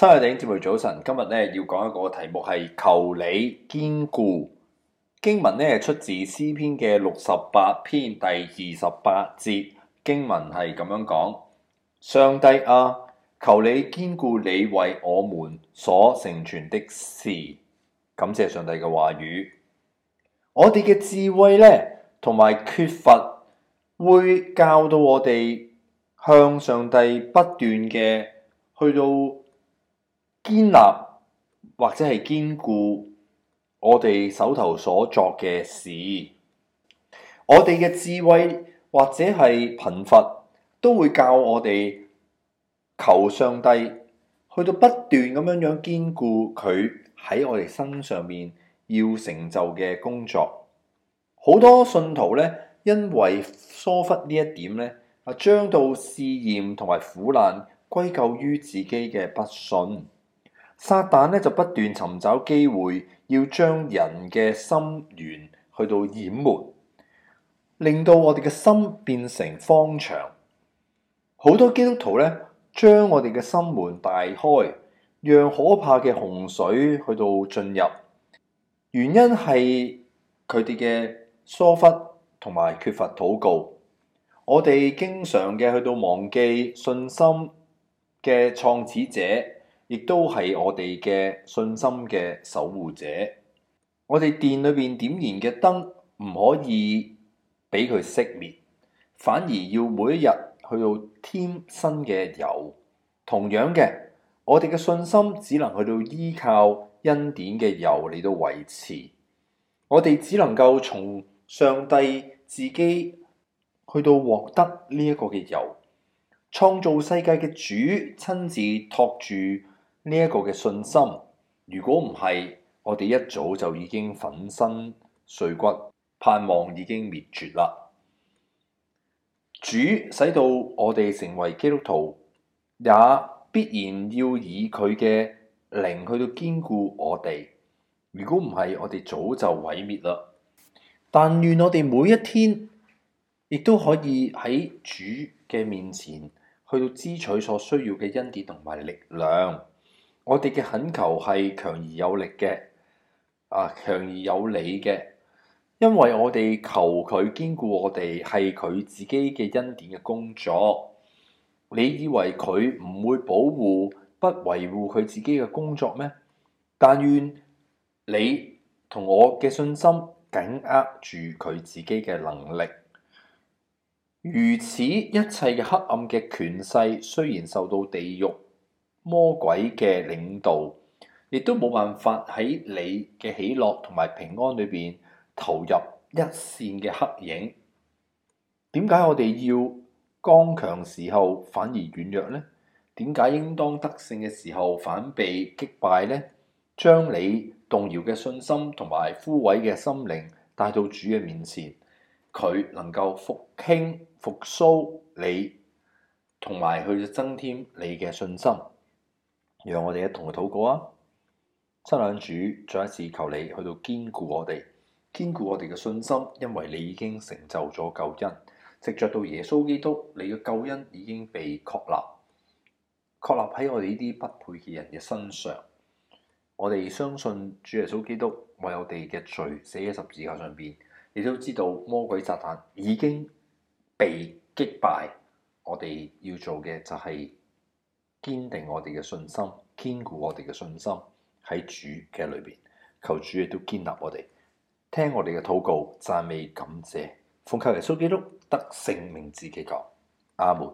七日頂節目，早晨。今日咧，要講一個題目係求你堅固，經文咧，係出自詩篇嘅六十八篇第二十八節。經文係咁樣講：上帝啊，求你堅固你為我們所成全的事。感謝上帝嘅話語，我哋嘅智慧咧，同埋缺乏會教到我哋向上帝不斷嘅去到。堅立或者係堅固我哋手頭所作嘅事，我哋嘅智慧或者係貧乏，都會教我哋求上帝去到不斷咁樣樣堅固佢喺我哋身上面要成就嘅工作。好多信徒咧，因為疏忽呢一點咧，啊，將到試驗同埋苦難歸咎於自己嘅不信。撒旦咧就不斷尋找機會，要將人嘅心園去到淹沒，令到我哋嘅心變成荒場。好多基督徒咧，將我哋嘅心門大開，讓可怕嘅洪水去到進入。原因係佢哋嘅疏忽同埋缺乏禱告。我哋經常嘅去到忘記信心嘅創始者。亦都係我哋嘅信心嘅守護者。我哋殿裏邊點燃嘅燈唔可以俾佢熄滅，反而要每一日去到添新嘅油。同樣嘅，我哋嘅信心只能去到依靠恩典嘅油嚟到維持。我哋只能夠從上帝自己去到獲得呢一個嘅油，創造世界嘅主親自托住，呢一個嘅信心，如果唔係，我哋一早就已經粉身碎骨，盼望已經滅絕啦。主使到我哋成為基督徒，也必然要以佢嘅靈去到堅固我哋。如果唔係，我哋早就毀滅啦。但願我哋每一天亦都可以喺主嘅面前去到支取所需要嘅恩典同埋力量。我哋嘅懇求係強而有力嘅，啊強而有理嘅，因為我哋求佢堅固我哋係佢自己嘅恩典嘅工作。你以為佢唔會保護、不維護佢自己嘅工作咩？但願你同我嘅信心緊握住佢自己嘅能力。如此一切嘅黑暗嘅權勢，雖然受到地獄魔鬼嘅領導，亦都冇辦法喺你嘅喜樂同埋平安裏邊投入一線嘅黑影。點解我哋要剛強時候反而軟弱呢？點解應當得勝嘅時候反被擊敗呢？將你動搖嘅信心同埋枯萎嘅心靈帶到主嘅面前，佢能夠復興復甦你，同埋去增添你嘅信心。讓我哋一同去禱告啊！親愛主，再一次求你去到堅固我哋，堅固我哋嘅信心，因為你已經成就咗救恩，直着到耶穌基督，你嘅救恩已經被確立，確立喺我哋呢啲不配嘅人嘅身上。我哋相信主耶穌基督為我，我哋嘅罪死喺十字架上邊，你都知道魔鬼撒旦已經被擊敗。我哋要做嘅就係、是。堅定我哋嘅信心，堅固我哋嘅信心喺主嘅裏邊，求主亦都建立我哋，聽我哋嘅禱告，讚美感謝，奉靠耶穌基督得聖名自己講，阿門。